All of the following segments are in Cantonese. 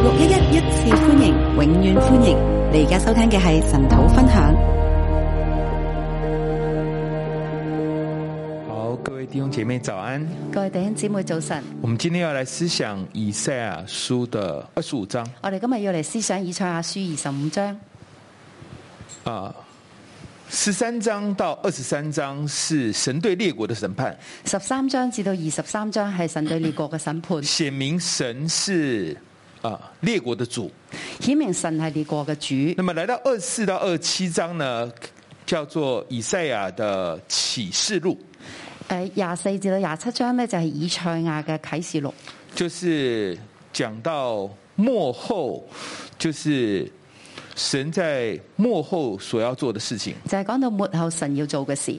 六一一一次歡迎，永遠歡迎。你而家收聽嘅係神徒分享。好，各位弟兄姐妹早安，各位弟兄姊妹早晨。我們今天要嚟思想以賽亞書的二十五章。我哋今日要嚟思想以賽亞書二十五章。啊，十三章到二十三章是神對列國的審判。十三章至到二十三章係神對列國嘅審判，寫 明神是。啊！列國的主，顯明神係列國嘅主。那麼來到二四到二七章呢，叫做以賽亞的啟示錄。誒，廿四至到廿七章呢，就係以賽亞嘅啟示錄，就是講到幕後，就是神在幕後所要做的事情，就係講到幕後神要做嘅事。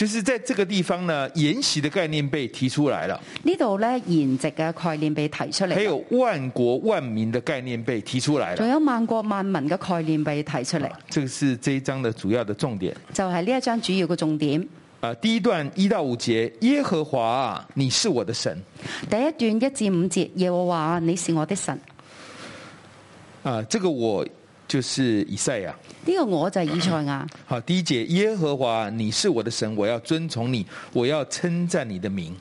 就是在這個地方呢，筵席的概念被提出來了。呢度咧，筵席嘅概念被提出來，還有萬國萬民的概念被提出來了。仲有萬國萬民嘅概念被提出來，啊，這個是這一章的主要的重點。就係、是、呢一章主要嘅重點、啊。第一段一到五節，耶和華啊，你是我的神。第一段一至五節，耶和華，你是我的神。啊，這個我。就是以賽亞，呢、這個我就係以賽亞。好，第一節耶和華，你是我的神，我要尊崇你，我要稱讚你的名。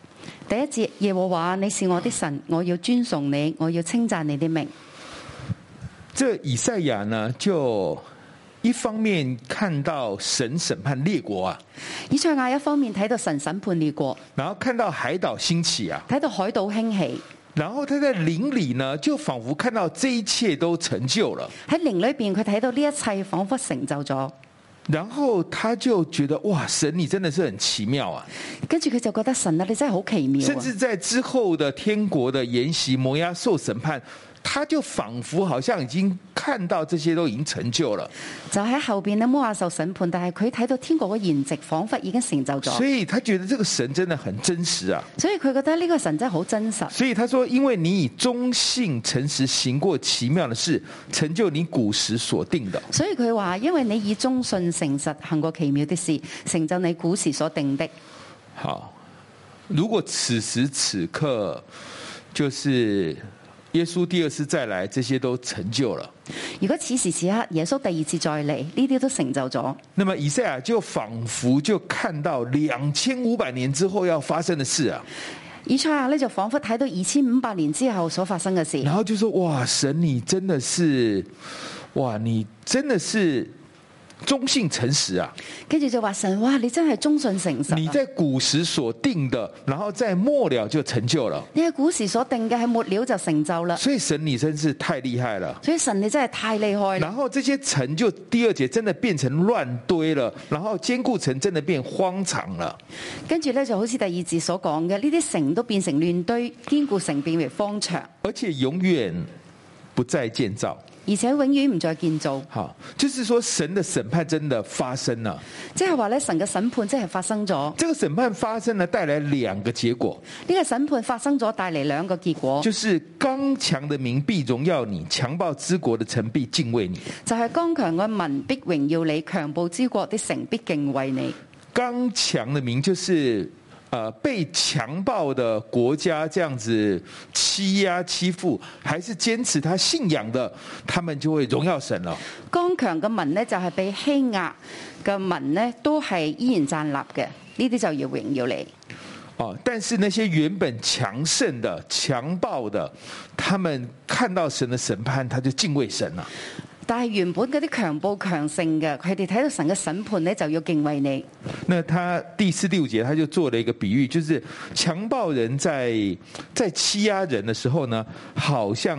第一節耶和華，你是我的神，我要尊崇你，我要稱讚你的名。這以賽亞呢？就一方面看到神審判列國啊，以賽亞一方面睇到神審判列國、啊，然後看到海島興起啊，睇到海島興起、啊。然後他在靈裏呢，就仿佛看到這一切都成就了。喺靈裏邊，佢睇到呢一切仿佛成就咗。然後他就覺得，哇！神你真的是很奇妙啊。跟住佢就覺得神啊，你真係好奇妙，啊。甚至在之後的天國的筵席，磨牙受審判。他就仿佛好像已經看到這些都已經成就了，就喺後邊呢摩押受審判，但係佢睇到天國嘅筵席，仿佛已經成就咗。所以他覺得這個神真的很真實啊！所以佢覺得呢個神真係好真實。所以他說：因為你以忠信誠實行過奇妙的事，成就你古時所定的。所以佢話：因為你以忠信誠實行過奇妙的事，成就你古時所定的。好，如果此時此刻就是。耶穌第二次再來，這些都成就了。如果此時此刻耶穌第二次再嚟，呢啲都成就咗。那麼以賽亞就仿佛就看到兩千五百年之後要發生的事啊！以賽亞呢就仿佛睇到二千五百年之後所發生嘅事，然後就說：哇，神你真的是，哇，你真的是。忠信誠實啊，跟住就話神，哇！你真係忠信誠實。你在古時所定的，然後在末了就成就了。你喺古時所定嘅，喺末了就成就啦。所以神你真是太厲害啦。所以神你真係太厲害。然後這些城就第二節真的變成亂堆了，然後堅固城真的變荒場了。跟住咧就好似第二節所講嘅，呢啲城都變成亂堆，堅固城變為荒場，而且永遠不再建造。而且永遠唔再建造。好，就是說神的審判真的發生了，即係話咧神嘅審判真係發生咗。這個審判發生呢，帶來兩個結果。呢、這個審判發生咗，帶嚟兩個結果，就是，就是剛強的民必榮耀你，強暴之國的城必敬畏你。就係剛強嘅民必榮耀你，強暴之國的城必敬畏你。剛強的民就是。呃，被強暴的國家這樣子欺壓欺負，還是堅持他信仰的，他們就會榮耀神了。剛強嘅民呢，就係被欺壓嘅民呢，都係依然站立嘅，呢啲就要榮耀你。但是那些原本強盛的、強暴的，他們看到神的審判，他就敬畏神了。但係原本嗰啲強暴強盛嘅，佢哋睇到神嘅審判呢，就要敬畏你。那他第四、第五節，他就做了一個比喻，就是強暴人在在欺壓人的時候呢，好像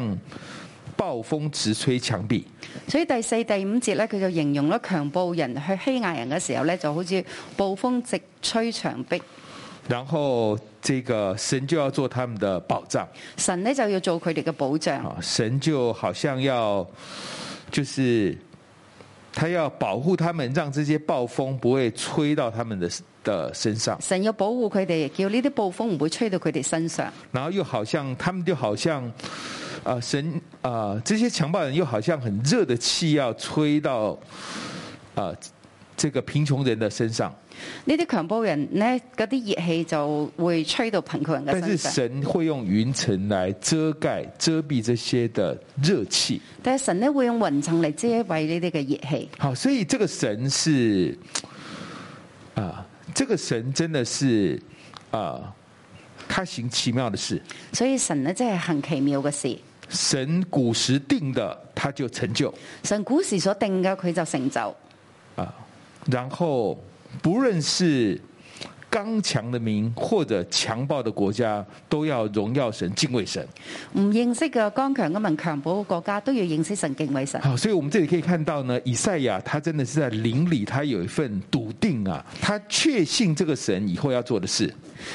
暴風直吹牆壁。所以第四、第五節呢，佢就形容咗強暴人去欺壓人嘅時候呢，就好似暴風直吹牆壁。然後，這個神就要做他們的保障。神呢就要做佢哋嘅保障。神就好像要。就是，他要保護他們，讓這些暴風不會吹到他們的的身上。神要保護佢哋，叫呢啲暴風唔會吹到佢哋身上。然後又好像他們就好像，啊、呃，神啊、呃，這些強暴人又好像很熱的氣要吹到，啊、呃。這個貧窮人的身上，呢啲強暴人呢嗰啲熱氣就會吹到貧窮人嘅身上。但是神會用雲層來遮蓋、遮蔽這些的熱氣。但係神咧會用雲層嚟遮蔽呢啲嘅熱氣。好，所以這個神是啊，這個神真的是啊，他行奇妙的事。所以神呢真係行奇妙嘅事。神古時定的，他就成就。神古時所定嘅，佢就成就。啊。然後，不論是剛強的民或者強暴的國家，都要榮耀神、敬畏神。唔認識個剛強嘅民、強暴嘅國家，都要認識神、敬畏神。好，所以我們這裏可以看到呢，以賽亞他真的是在靈裏，他有一份篤定啊，他確信這個神以後要做的事。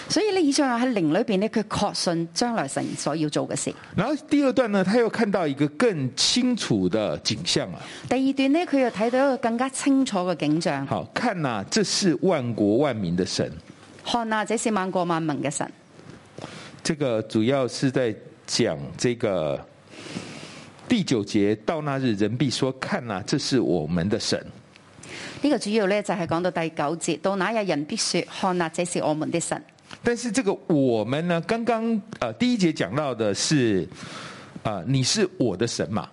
所以呢，以上喺靈裏邊呢，佢確信將來神所要做嘅事。然後第二段呢，他又看到一個更清楚的景象啊。第二段呢，佢又睇到一個更加清楚嘅景象好。看啊，這是萬國萬民的神。看啊，這是萬國萬民嘅神。這個主要呢、就是在講這個第九節，到那日人必說：看啊，這是我們嘅神。呢、這個主要呢，就係、是、講到第九節，到那日人必說：看啊，這是我們嘅神。但是這個我們呢？剛剛第一節講到的是啊、呃、你是我的神嘛？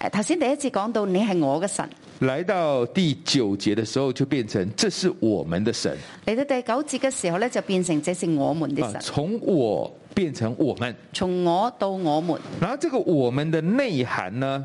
誒頭先第一節講到你係我嘅神，來到第九節的時候就變成這是我們的神。嚟到第九節嘅時候呢，就變成這是我們的神，呃，從我變成我們，從我到我們。然後這個我們的內涵呢？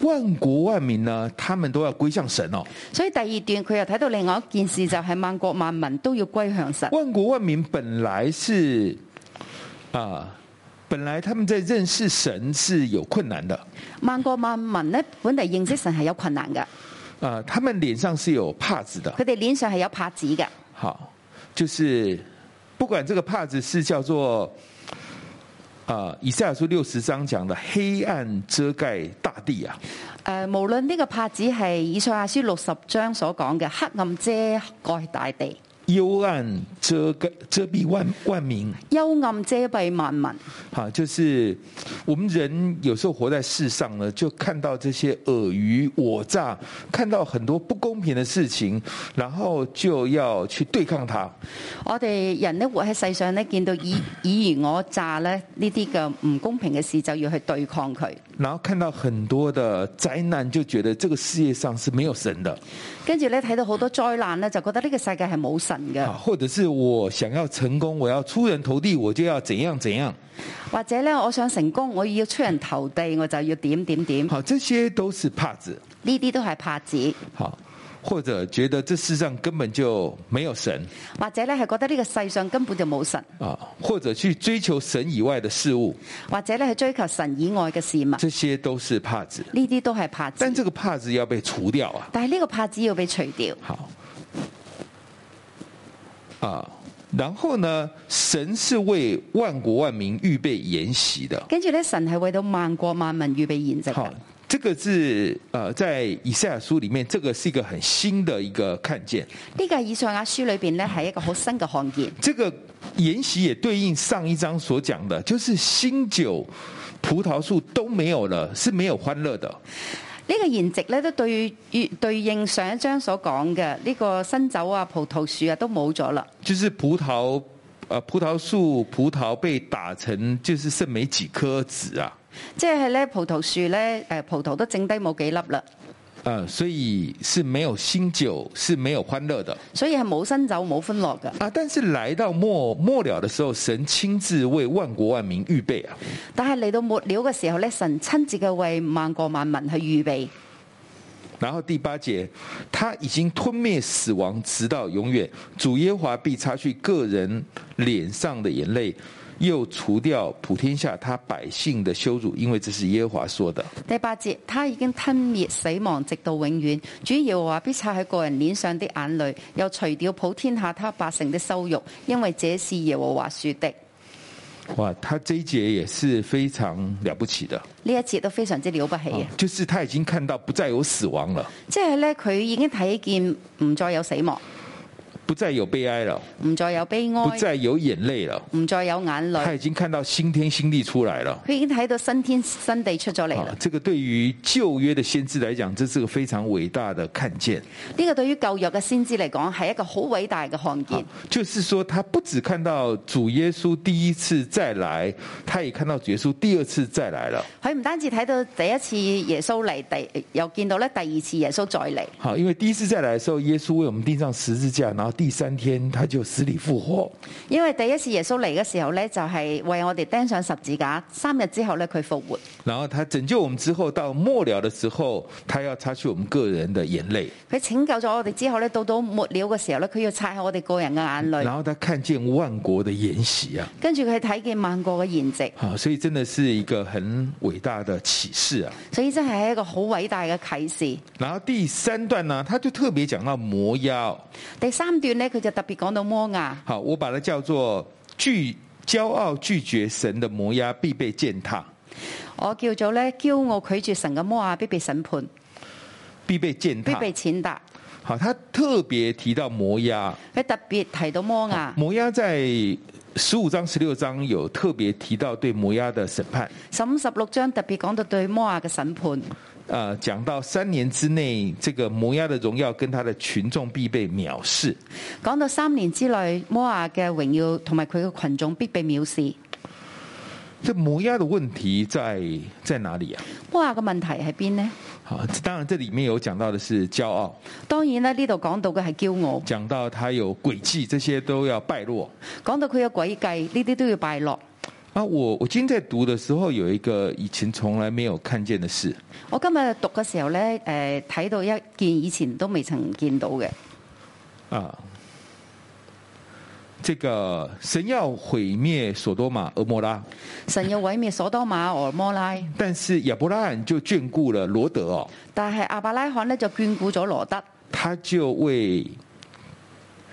萬國萬民呢，他們都要歸向神哦。所以第二段佢又睇到另外一件事，就係萬國萬民都要歸向神。萬國萬民本來是啊、呃，本來他們在認識神是有困難的。萬國萬民呢，本來認識神係有困難的啊、呃，他們臉上是有帕子的，佢哋臉上係有帕子嘅。好，就是不管這個帕子是叫做。啊，以賽亞書六十章講的黑暗遮蓋大地啊。誒、呃，無論呢個拍子係以賽亞書六十章所講嘅黑暗遮蓋大地。幽暗遮蓋遮蔽，萬萬民，幽暗遮蔽萬民。吓、啊，就是我們人有時候活在世上呢，就看到這些爾虞我詐，看到很多不公平的事情，然後就要去對抗它。我哋人呢，活喺世上呢，見到以以虞我詐咧呢啲嘅唔公平嘅事，就要去對抗佢。然後看到很多的災難，就覺得這個世界上是沒有神的。跟住咧睇到好多災難，就覺得呢個世界係冇神嘅。或者是我想要成功，我要出人頭地，我就要怎樣怎樣。或者呢，我想成功，我要出人頭地，我就要點點點。好，這些都是怕字。呢啲都係怕字。好。或者覺得這世上根本就沒有神，或者咧係覺得呢個世上根本就冇神啊，或者去追求神以外的事物，或者咧係追求神以外嘅事物，這些都是帕子，呢啲都係帕子。但這個帕子要被除掉啊！但係呢個帕子要被除掉。好，啊，然後呢？神是為萬國萬民預備筵席的，跟住呢，神係為到萬國萬民預備筵席的。這個是，呃在以賽亞書裏面，這個是一個很新的一個看見。呢、這個以賽亞書裏邊呢是一個好新的看見。這個筵席也對應上一章所講的，就是新酒、葡萄樹都沒有了，是沒有歡樂的。這個筵席呢都對於，對應上一章所講的呢、這個新酒啊、葡萄樹啊都沒有了。就是葡萄，誒、呃，葡萄樹、葡萄被打成，就是剩沒幾顆籽啊。即係咧，葡萄樹咧，誒，葡萄都剩低冇幾粒啦，啊。所以是沒有新酒，是沒有歡樂的。所以係冇新酒，冇歡樂嘅。啊，但是來到末末了的時候，神親自為萬國萬民預備啊。但係嚟到末了嘅時候咧，神親自嘅為萬國萬民去預備。然後第八節，他已經吞滅死亡，直到永遠。主耶華必擦去個人臉上的眼淚。又除掉普天下他百姓的羞辱，因為這是耶和華說的。第八節，他已經吞滅死亡，直到永遠。主耶和華必擦喺個人臉上的眼淚，又除掉普天下他百姓的羞辱，因為這是耶和華說的。哇，他這一節也是非常了不起的。呢一節都非常之了不起啊，啊，就是他已經看到不再有死亡了，即係咧，佢已經睇見唔再有死亡。不再有悲哀了，唔再有悲哀；不再有眼淚了，唔再有眼淚。他已經看到新天新地出來了，佢已經睇到新天新地出咗嚟啦。這個對於舊約的先知來講，這是個非常偉大的看見。呢、這個對於舊約的先知嚟講，係一個好偉大嘅看見、啊。就是說，他不只看到主耶穌第一次再來，他也看到主耶穌第二次再來了。佢唔單止睇到第一次耶穌嚟第，又見到咧第二次耶穌再嚟。好、啊，因為第一次再來嘅時候，耶穌為我們釘上十字架，然後。第三天他就死裏復活，因為第一次耶穌嚟嘅時候呢，就係為我哋釘上十字架，三日之後呢，佢復活。然後他拯救我們之後，到末了的時候，他要擦去我們個人的眼淚。佢拯救咗我哋之後呢，到到末了嘅時候呢，佢要擦下我哋個人嘅眼淚。然後他看見萬國的筵席啊，跟住佢睇見萬國嘅筵席。好，所以真的是一個很偉大的啟示啊！所以真係一個好偉大嘅啟示。然後第三段呢，他就特別講到魔妖。第三段。佢就特別講到摩押，好，我把它叫做拒驕傲拒絕神的摩押必被踐踏，我叫做咧驕傲拒絕神嘅摩押必被審判，必被踐踏，必被踐踏。好，他特別提到摩押，佢特別提到摩押，摩押在十五章十六章有特別提到對摩押的審判，十五十六章特別講到對摩押嘅審判。呃講到三年之內，這個摩押的榮耀跟他的群眾必被藐視。講到三年之內，摩押嘅榮耀同埋佢嘅群眾必被藐視。這摩押的問題在在哪裏啊？摩押嘅問題喺邊呢？好，當然這裏面有講到的是驕傲。當然呢呢度講到嘅係驕傲。講到他有詭計，這些都要敗落。講到佢有詭計，呢啲都要敗落。啊！我我今天在讀的時候，有一個以前從來沒有看見的事。我今日讀的時候咧，誒、呃、睇到一件以前都未曾見到嘅。啊，這個神要毀滅所多瑪、俄摩拉。神要毀滅所多瑪、俄摩拉， 但是亞伯拉罕就眷顧了羅德哦。但係阿伯拉罕咧就眷顧咗羅德，他就為。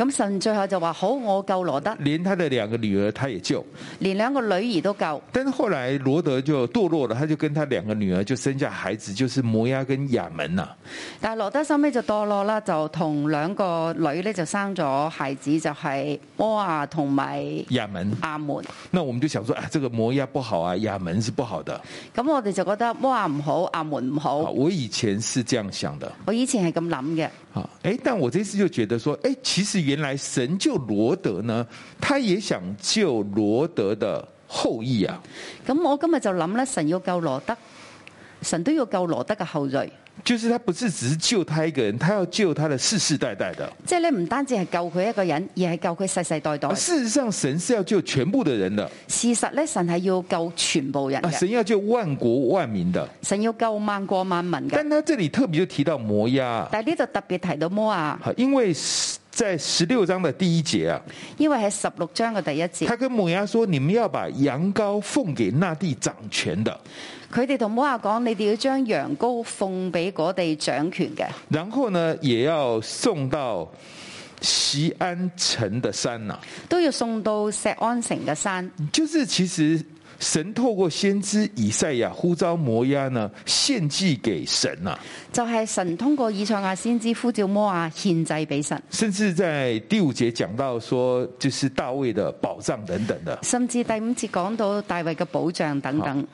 咁神最後就話：好，我救羅德。連他的兩個女兒他也救。連兩個女兒都救。但後後來羅德就墮落了，他就跟他兩個女兒就生下孩子，就是摩亞跟亞門、啊、但係羅德收尾就墮落啦，就同兩個女呢就生咗孩子，就係、是、摩亞同埋亞，亞，亞門。亞門。那我們就想說啊，這個摩亞不好啊，亞門是不好的。咁我哋就覺得摩亞唔好，亞門唔好，好。我以前是這樣想的。我以前係咁諗嘅。啊、欸，但我這次就覺得說，誒、欸，其實。原來神救羅德呢，他也想救羅德的後裔啊。咁我今日就諗咧，神要救羅德，神都要救羅德嘅後裔。就是他不是只是救他一個人，他要救他的世世代代的。即係咧唔單止係救佢一個人，而係救佢世世代代。啊、事實上，神是要救全部的人的。事實咧，神係要救全部人，啊。神要救萬國萬民的，神要救萬國萬民嘅。但他這裏特別就提到摩押，但係呢度特別提到摩押啊，因為。在十六章的第一節啊，因為係十六章嘅第一節，他跟摩押說：“你們要把羊羔奉給那地掌權的。”，佢哋同摩押講：“你哋要將羊羔奉俾嗰地掌權嘅。”然後呢，也要送到錫安城的山啊，都要送到錫安城嘅山，就是其實。神透過先知以賽亞呼召摩押呢獻祭給神啊，就係、是、神通過以賽亞先知呼召摩押獻祭俾神。甚至在第五節講到說，就是大衛的保障等等的。甚至第五節講到大衛嘅保障等等，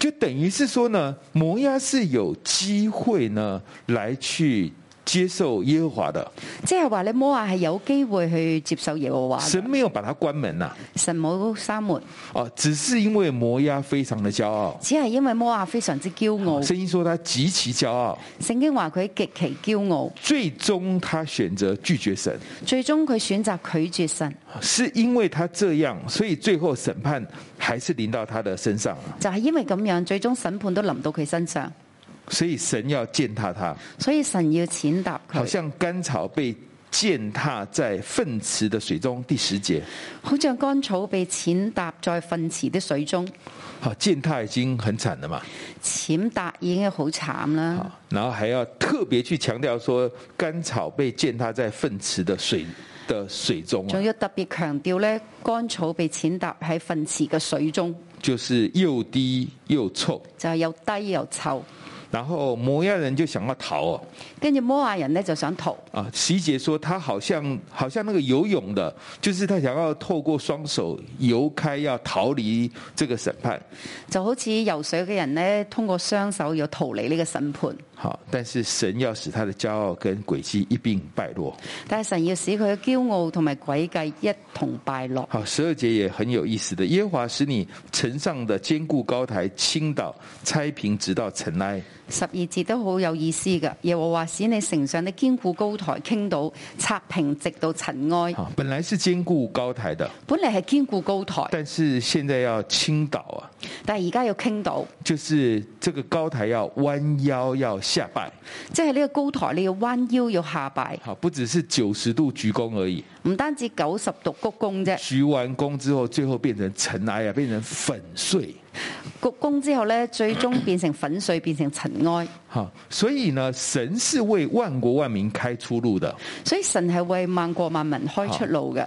就等於是說呢，摩押是有機會呢來去。接受耶和華的，即係話你摩亞係有機會去接受耶和華。神沒有把他關門啦，神冇閂門。哦，只是因為摩亞非常的驕傲，只係因為摩亞非常之驕傲。聖經說他極其驕傲，聖經話佢極其驕傲。最終他選擇拒絕神，最終佢選擇拒絕神，是因為他這樣，所以最後審判還是臨到他的身上。就係因為咁樣，最終審判都臨到佢身上。所以神要踐踏他，所以神要踐踏佢，好像甘草被踐踏在糞池的水中。第十節，好像甘草被踐踏在糞池的水中。好，踐踏已經很慘了嘛？踐踏已經好慘啦。然後還要特別去強調說甘、啊，強調，甘草被踐踏在糞池的水的水中。仲要特別強調咧，甘草被踐踏喺糞池嘅水中，就是又低又臭，就係、是、又低又臭。然後摩亞人就想要逃，跟住摩亞人呢，就想逃。啊，十一節說他好像好像那個游泳的，就是他想要透過雙手游開，要逃離這個審判。就好似游水嘅人呢，通過雙手要逃離呢個審判。好，但是神要使他的驕傲跟詭計一併敗落。但係神要使佢嘅驕傲同埋詭計一同敗落。好，十二節也很有意思的，耶華使你城上的堅固高台傾倒、拆平，直到塵埃。十二節都好有意思嘅，耶和華使你乘上啲堅固高台，傾倒拆平，直到塵埃。本來是堅固高台的，本嚟係堅固高台，但是現在要傾倒啊！但係而家要傾倒，就是這個高台要彎腰要下拜，即係呢個高台你要彎腰要下拜，不只是九十度鞠躬而已，唔單止九十度鞠躬啫，鞠完躬之後，最後變成塵埃啊，變成粉碎。鞠躬之後呢，最終變成粉碎，變成塵埃。哈，所以呢，神是為萬國萬民開出路的。所以神是為萬國萬民開出路嘅。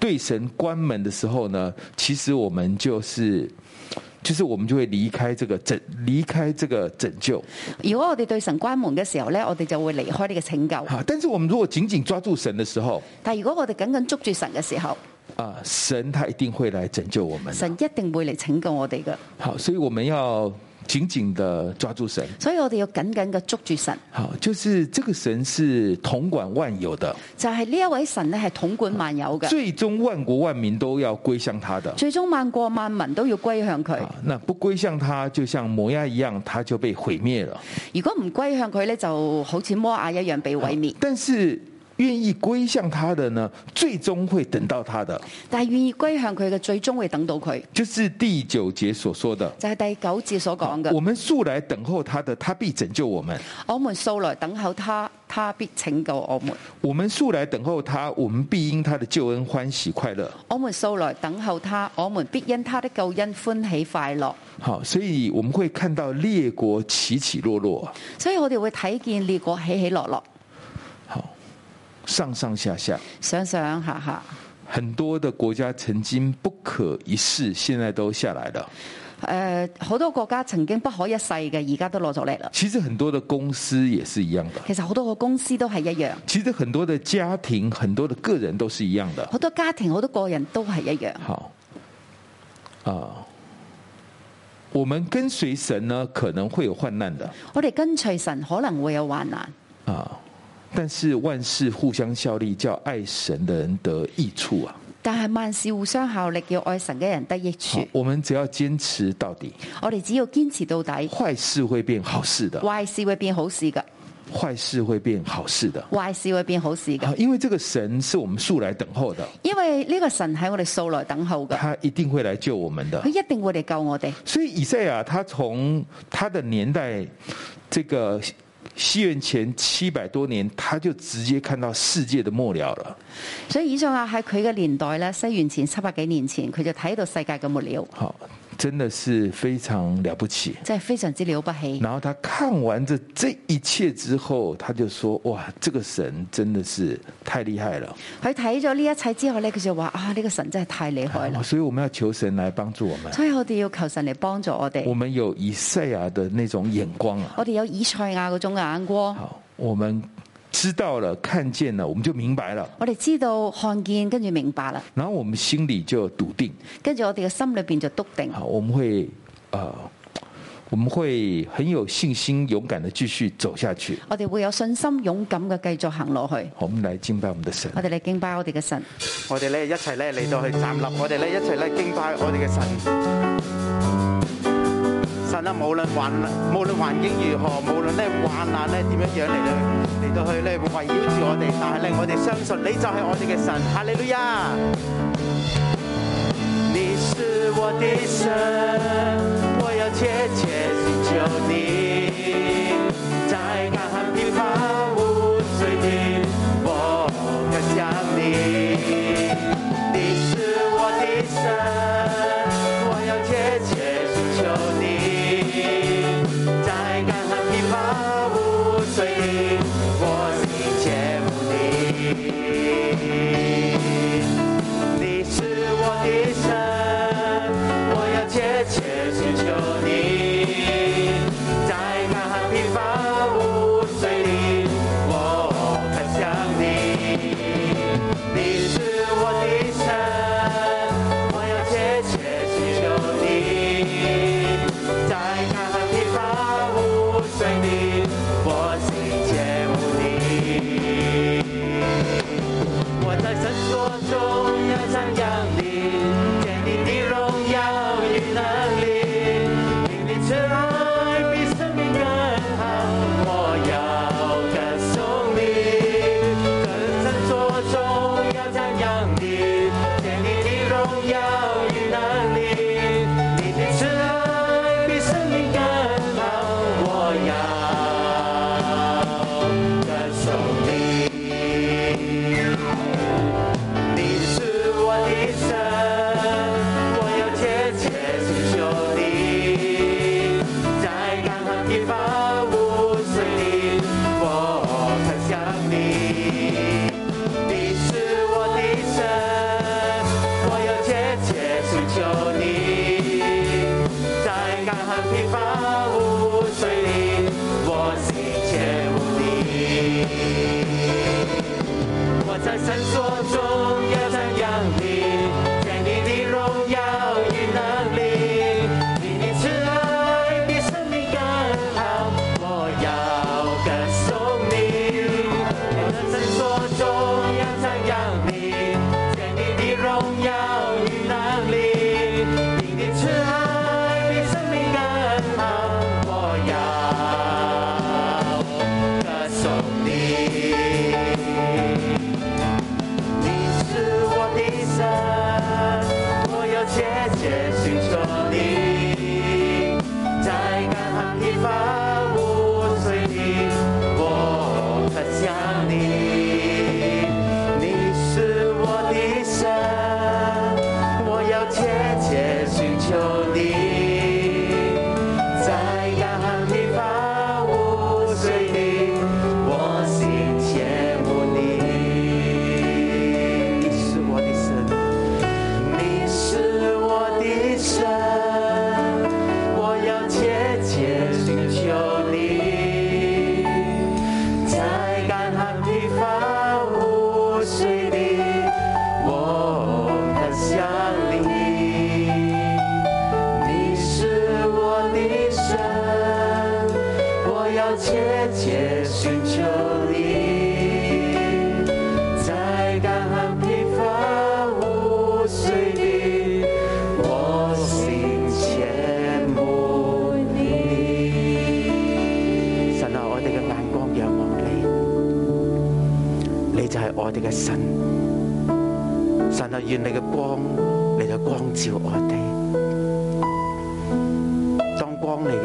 對神關門的時候呢，其實我們就是，就是我們就會離開這個拯，離開這個拯救。如果我哋對神關門嘅時候呢，我哋就會離開呢個拯救。啊！但是我們如果緊緊抓住神的時候，但係如果我哋緊緊捉住神嘅時候，啊，神他一定會來拯救我們，神一定會嚟拯救我哋嘅。好，所以我們要。緊緊的抓住神，所以我哋要緊緊嘅捉住神。好，就是這個神是統管萬有的，就係、是、呢一位神咧，係統管萬有嘅，最終萬國萬民都要歸向他的，最終萬國萬民都要歸向佢。那不歸向他，就像摩亞一樣，他就被毀滅了。如果唔歸向佢呢，就好似摩亞一樣被毀滅。但是願意歸向他的呢，最終會等到他的。但願意歸向佢嘅，最終會等到佢。就是第九節所說的。就係第九節所講嘅。我們素來等候他的，他必拯救我們。我們素來等候他，他必拯救我們。我們素來等候他，我們必因他的救恩歡喜快樂。我們素來等候他，我們必因他的救恩歡喜快樂。好，所以我們會看到列國起起落落。所以我哋會睇見列國起起落落。上上下下，上上下下，很多的國家曾經不可一世，現在都下來了。誒、呃，好多國家曾經不可一世嘅，而家都落咗嚟了。其實很多的公司也是一樣的。其實好多個公司都係一樣。其實很多的家庭、很多的個人都是一樣的。好多家庭、好多個人都係一樣。好，啊，我們跟隨神呢，可能會有患難的。我哋跟隨神可能會有患難。啊。但是萬事互相效力，叫愛神的人得益處啊！但係萬事互相效力，叫愛神嘅人得益處。我們只要堅持到底，我哋只要堅持到底，壞事會變好事的，壞事會變好事噶，壞事會變好事的，壞事會變好事噶、啊、因為這個神是我們素來等候的，因為呢個神喺我哋素來等候的，他一定會來救我們的，佢一定會嚟救我哋。所以以賽亞，他從他的年代，這個。西元前七百多年，他就直接看到世界的末了了。所以以上啊，喺佢嘅年代咧，西元前七百幾年前，佢就睇到世界嘅末了。好。真的是非常了不起，真係非常之了不起。然後他看完這這一切之後，他就說：“哇，這個神真的是太厲害了。”他睇咗呢一切之後呢，佢就話：“啊，呢個神真係太厲害了。”啊、所以，我們要求神來幫助我們。所以，我哋要求神嚟幫助我哋。我們有以賽亞的那種眼光啊！我哋有以賽亞嗰種眼光。好，我們。知道了，看見了，我們就明白了。我哋知道看見，跟住明白了，然後我們心裏就篤定。跟住我哋嘅心裏邊就篤定。好，我們會，呃，我們會很有信心、勇敢地繼續走下去。我哋會有信心、勇敢嘅繼續行落去。好，我們嚟敬拜我們的神。我哋嚟敬拜我哋嘅神。我哋咧一齊咧嚟到去站立，我哋咧一齊咧敬拜我哋嘅神。神啊，無論環，無論環境如何，無論咧患難咧點樣樣嚟到嚟到去咧，圍繞住我哋，但係咧我哋相信，你就係我哋嘅神，哈利路亞。你是我的神，我要切切地求你。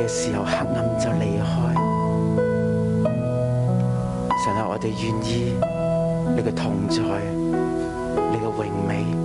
嘅時候黑暗就離開，神啊，我哋願意你嘅同在，你嘅榮美。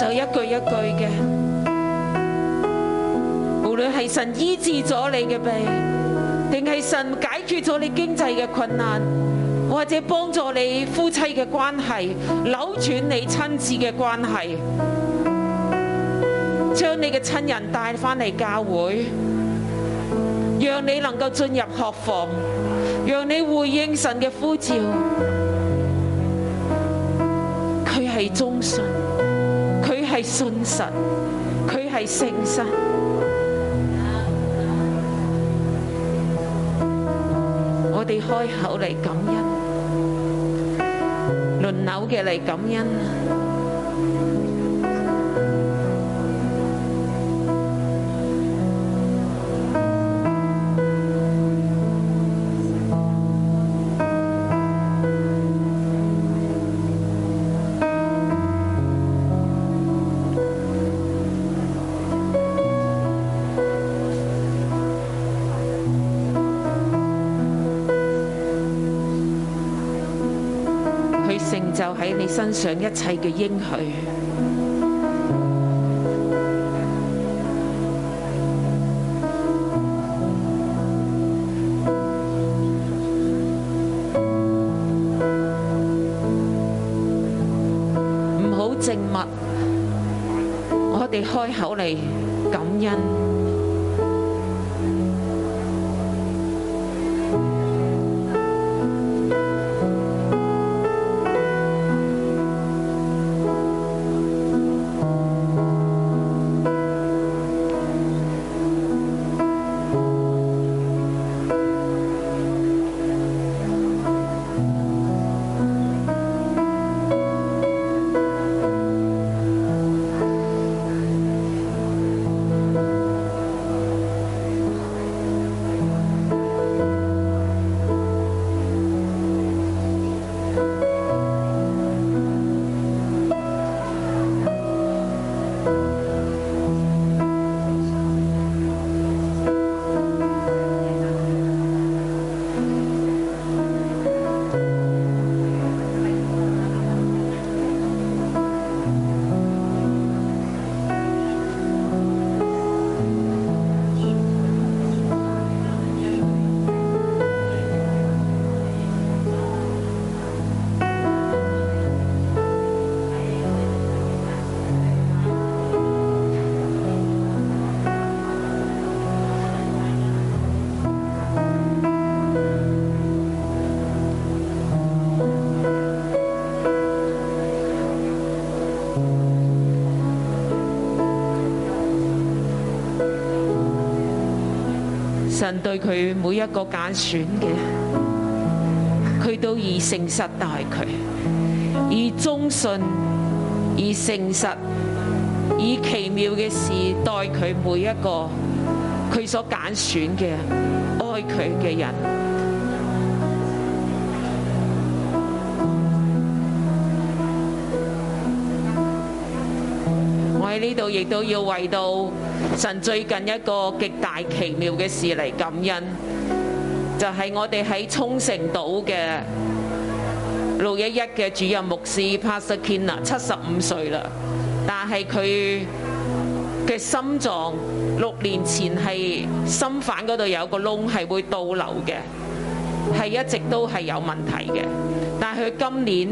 就一句一句嘅，無論係神醫治咗你嘅病，定係神解決咗你經濟嘅困難，或者幫助你夫妻嘅關係，扭轉你親子嘅關係，將你嘅親人帶翻嚟教會，讓你能夠進入學房，讓你回應神嘅呼召，佢係忠信。係信實，佢係聖神，我哋開口嚟，感恩，輪流嘅嚟感恩就喺你身上一切嘅應許，唔好靜默，我哋開口嚟感恩。神對佢每一個揀選嘅，佢都以誠實待佢，以忠信，以誠實，以奇妙嘅事待佢，每一個佢所揀選嘅，愛佢嘅人。我喺呢度亦都要為到。神最近一個極大奇妙嘅事嚟感恩，就係我哋喺沖繩島嘅六一一嘅主任牧師帕斯堅納七十五歲啦，但係佢嘅心臟六年前係心瓣嗰度有個窿，係會倒流嘅，係一直都係有問題嘅，但係佢今年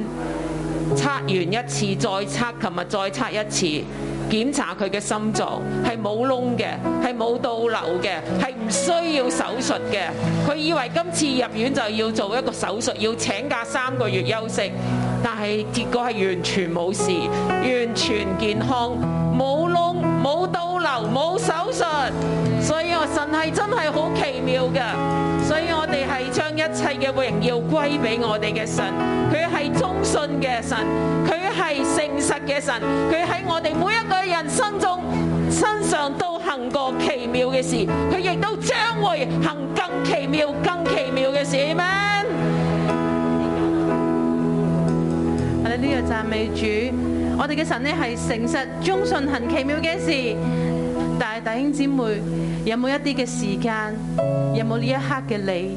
測完一次再測，琴日再測一次。檢查佢嘅心臟係冇窿嘅，係冇倒流嘅，係唔需要手術嘅。佢以為今次入院就要做一個手術，要請假三個月休息，但係結果係完全冇事，完全健康，冇窿冇倒流冇手術，所以我神係真係好奇妙嘅，所以我。每樣要歸俾我哋嘅神，佢係忠信嘅神，佢係誠實嘅神，佢喺我哋每一個人生中身上都行過奇妙嘅事，佢亦都將會行更奇妙、更奇妙嘅事，係咪？我哋呢個讚美主，我哋嘅神呢係誠實、忠信、行奇妙嘅事，但係弟兄姊妹有冇一啲嘅時間？有冇呢一刻嘅你？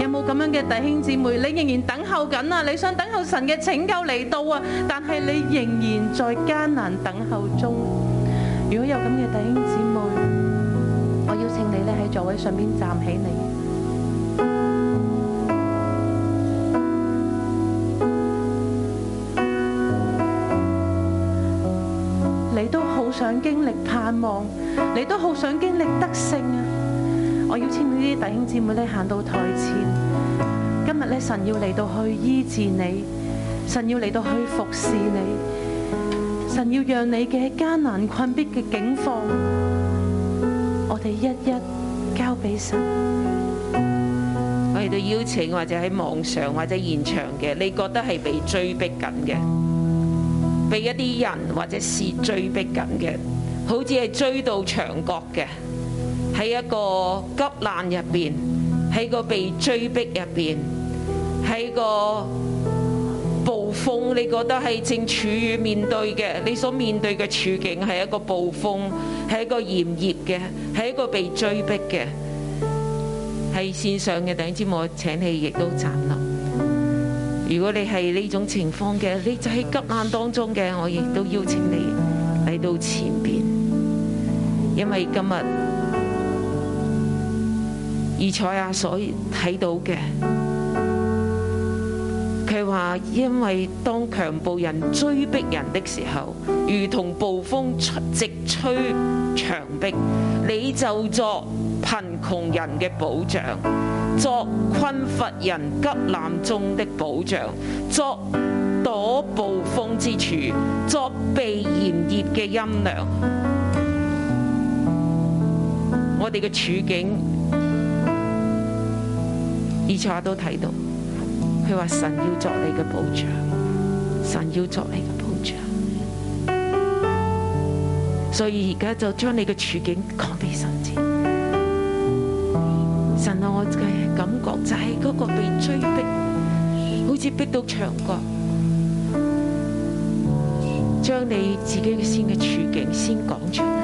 有冇咁樣嘅弟兄姊妹？你仍然等候緊啊！你想等候神嘅拯救嚟到啊！但係你仍然在艱難等候中。如果有咁嘅弟兄姊妹，我邀請你咧喺座位上邊站起嚟。你你都好想經歷盼望，你都好想經歷得勝啊！我要請呢啲弟兄姊妹咧行到台前，今日咧神要嚟到去醫治你，神要嚟到去服侍你，神要讓你嘅艱難困逼嘅境況，我哋一一交俾神。我哋都邀請或者喺網上或者現場嘅，你覺得係被追逼緊嘅，被一啲人或者事追逼緊嘅，好似係追到牆角嘅。喺一個急難入邊，喺個被追逼入邊，喺個暴風，你覺得係正處於面對嘅，你所面對嘅處境係一個暴風，係一個炎熱嘅，係一個被追逼嘅，係線上嘅。等一我請你亦都站落。如果你係呢種情況嘅，你就喺急難當中嘅，我亦都邀請你嚟到前邊，因為今日。而彩亞所睇到嘅，佢話：因為當強暴人追逼人的時候，如同暴風直吹牆壁，你就作貧窮人嘅保障，作困乏人急難中的保障，作躲暴風之處，作避炎熱嘅陰涼。我哋嘅處境。以賽亞都睇到，佢話神要作你嘅保障，神要作你嘅保障。所以而家就將你嘅處境講俾神知。神啊，我嘅感覺就係嗰個被追逼，好似逼到牆角，將你自己嘅先嘅處境先講出嚟。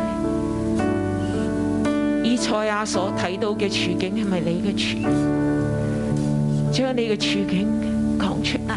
以賽亞所睇到嘅處境係咪你嘅處境？將你嘅處境講出嚟。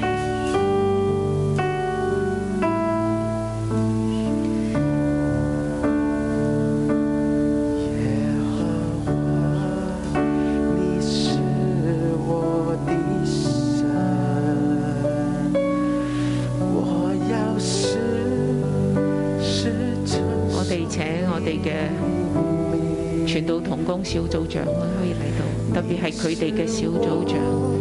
我哋請我哋嘅傳道同工、小組長可以嚟到，特別係佢哋嘅小組長。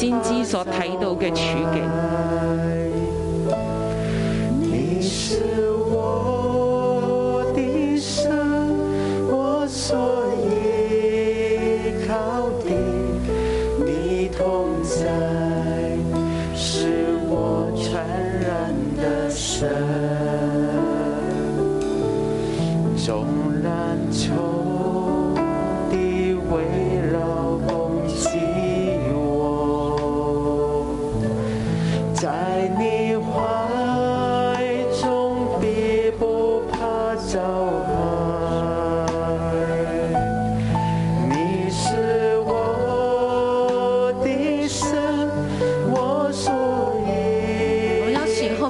先知所睇到嘅處境。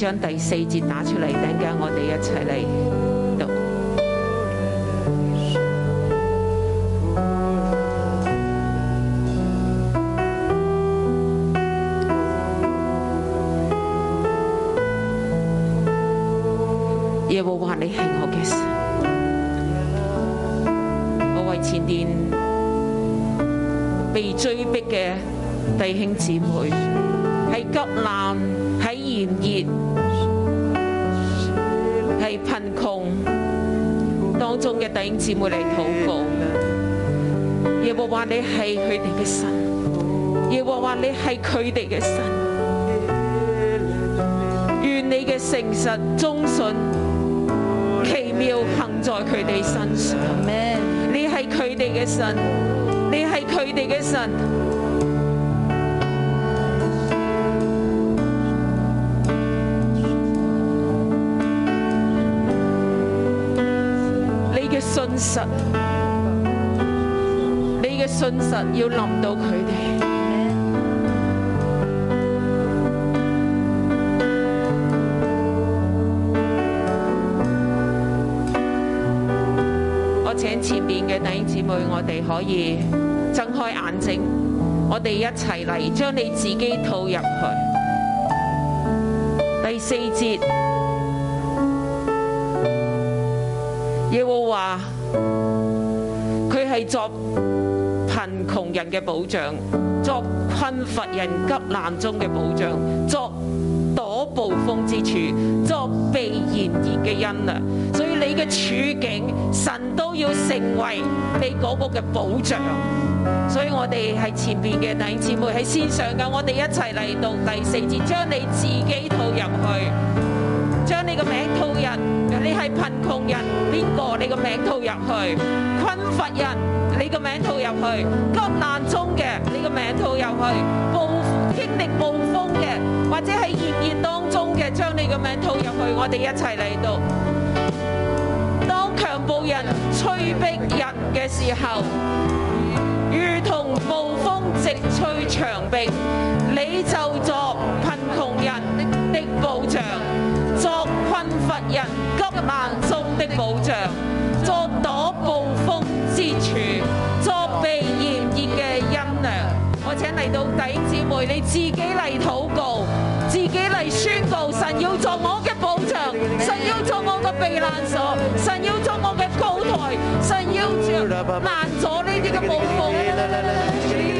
將第四節打出嚟，等間我哋一齊嚟讀。有冇話你幸福嘅事？Yes. 我為前年被追逼嘅弟兄姊妹。會嚟禱告嘅，耶和華你係佢哋嘅神，耶和華你係佢哋嘅神。願你嘅誠實、忠信、奇妙行在佢哋身上。阿你係佢哋嘅神，你係佢哋嘅神。實，你嘅信實要臨到佢哋。我請前面嘅弟兄姊妹，我哋可以睜開眼睛，我們，我哋一齊嚟將你自己套入去。第四節。.佢係作貧窮人嘅保障，作困乏人急難中嘅保障，作躲暴風之處，作避炎熱嘅蔭。啊！所以你嘅處境，神都要成為你嗰個嘅保障。所以我哋係前邊嘅弟兄姊妹喺線上嘅，我哋一齊嚟到第四節，將你自己套入去。將你個名套入，你係貧窮人，邊個你個名套入去？困乏人，你個名套入去；急難中嘅，你個名套入去；暴經歷暴風嘅，或者喺熱熱當中嘅，將你個名套入去。我哋一齊嚟到，當強暴人催逼人嘅時候，如同暴風直吹牆壁，你就作貧窮人的保障。作困乏人急難中的保障，作躲暴風之處，作避炎熱嘅陰涼。我請嚟到弟兄姐妹，你自己嚟禱告，自己嚟宣告神，神要做我嘅保障，神要做我嘅避難所，神要做我嘅高台，神要做萬咗呢啲嘅暴風。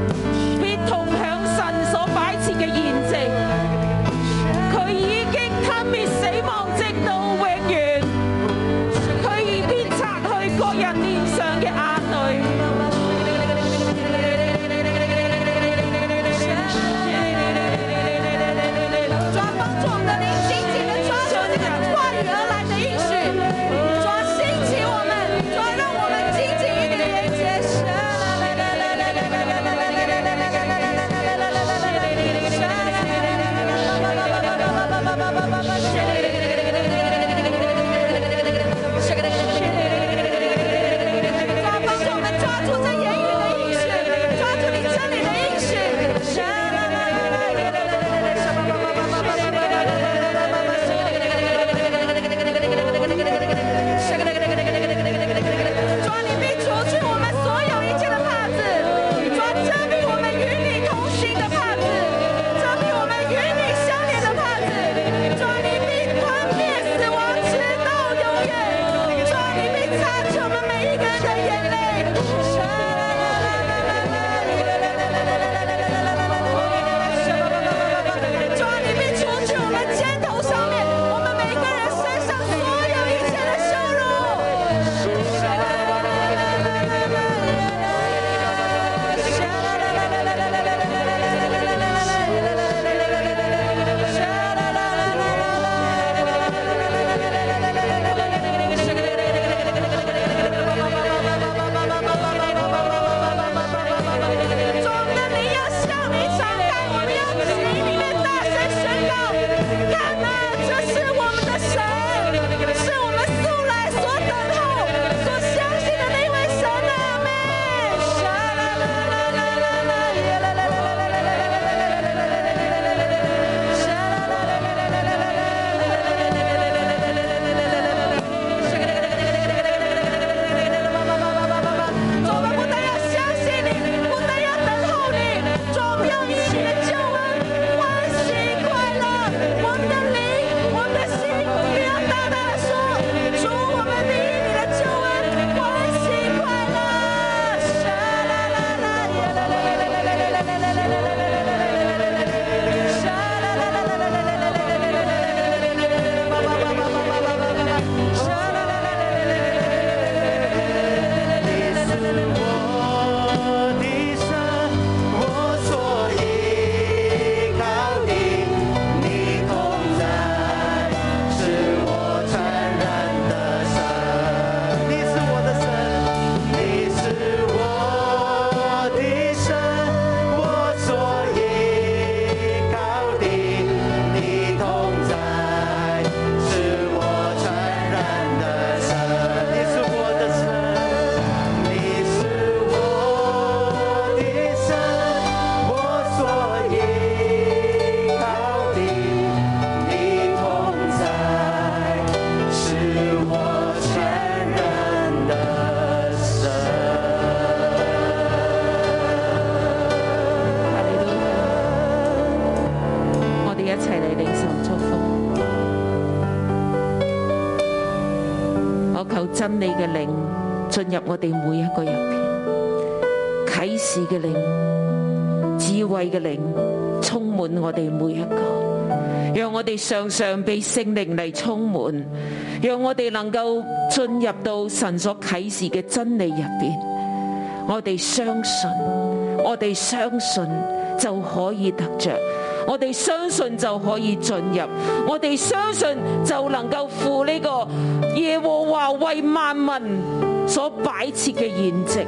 我哋每一個入邊啟示嘅靈、智慧嘅靈，充滿我哋每一個，讓我哋常常被聖靈嚟充滿，讓我哋能夠進入到神所啟示嘅真理入邊。我哋相信，我哋相信就可以得着，我哋相信就可以進入，我哋相信就能夠赴呢個耶和華為萬民。所擺設嘅筵席，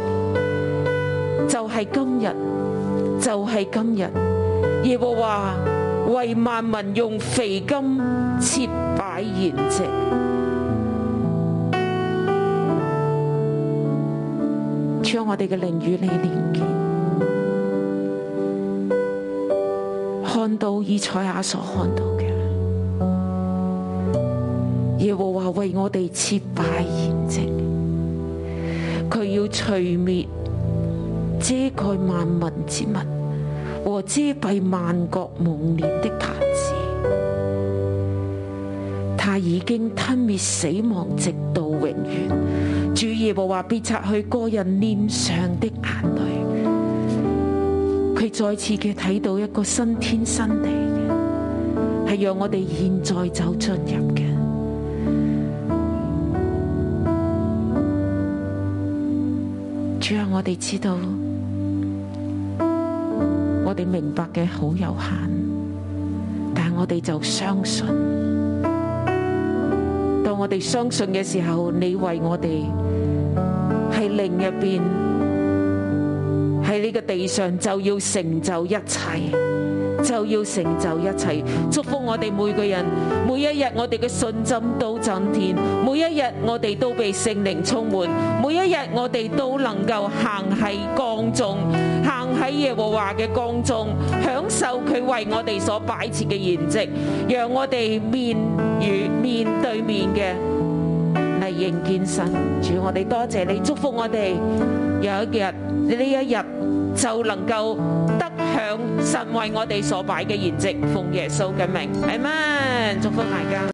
就係、是、今日，就係、是、今日。耶和華為萬民用肥甘設擺筵席，將我哋嘅靈與你連結，看到以賽亞所看到嘅，耶和華為我哋設擺。佢要除滅遮蓋萬民之物和遮蔽萬國蒙面的牌子，他已經吞滅死亡直到永遠。主耶和華必擦去個人臉上的眼淚，佢再次嘅睇到一個新天新地，係讓我哋現在走進入嘅。主啊，我哋知道，我哋明白嘅好有限，但我哋就相信。當我哋相信嘅時候，你為我哋喺另一邊，喺呢個地上就要成就一切。就要成就一切，祝福我哋每個人，每一日我哋嘅信心都增添，每一日我哋都被聖靈充滿，每一日我哋都能夠行喺光中，行喺耶和華嘅光中，享受佢為我哋所擺設嘅筵席，讓我哋面與面對面嘅嚟迎見神。主我哋多謝你，祝福我哋有一日呢一日就能夠。神為我哋所擺嘅筵席，奉耶穌嘅名，阿門！祝福大家。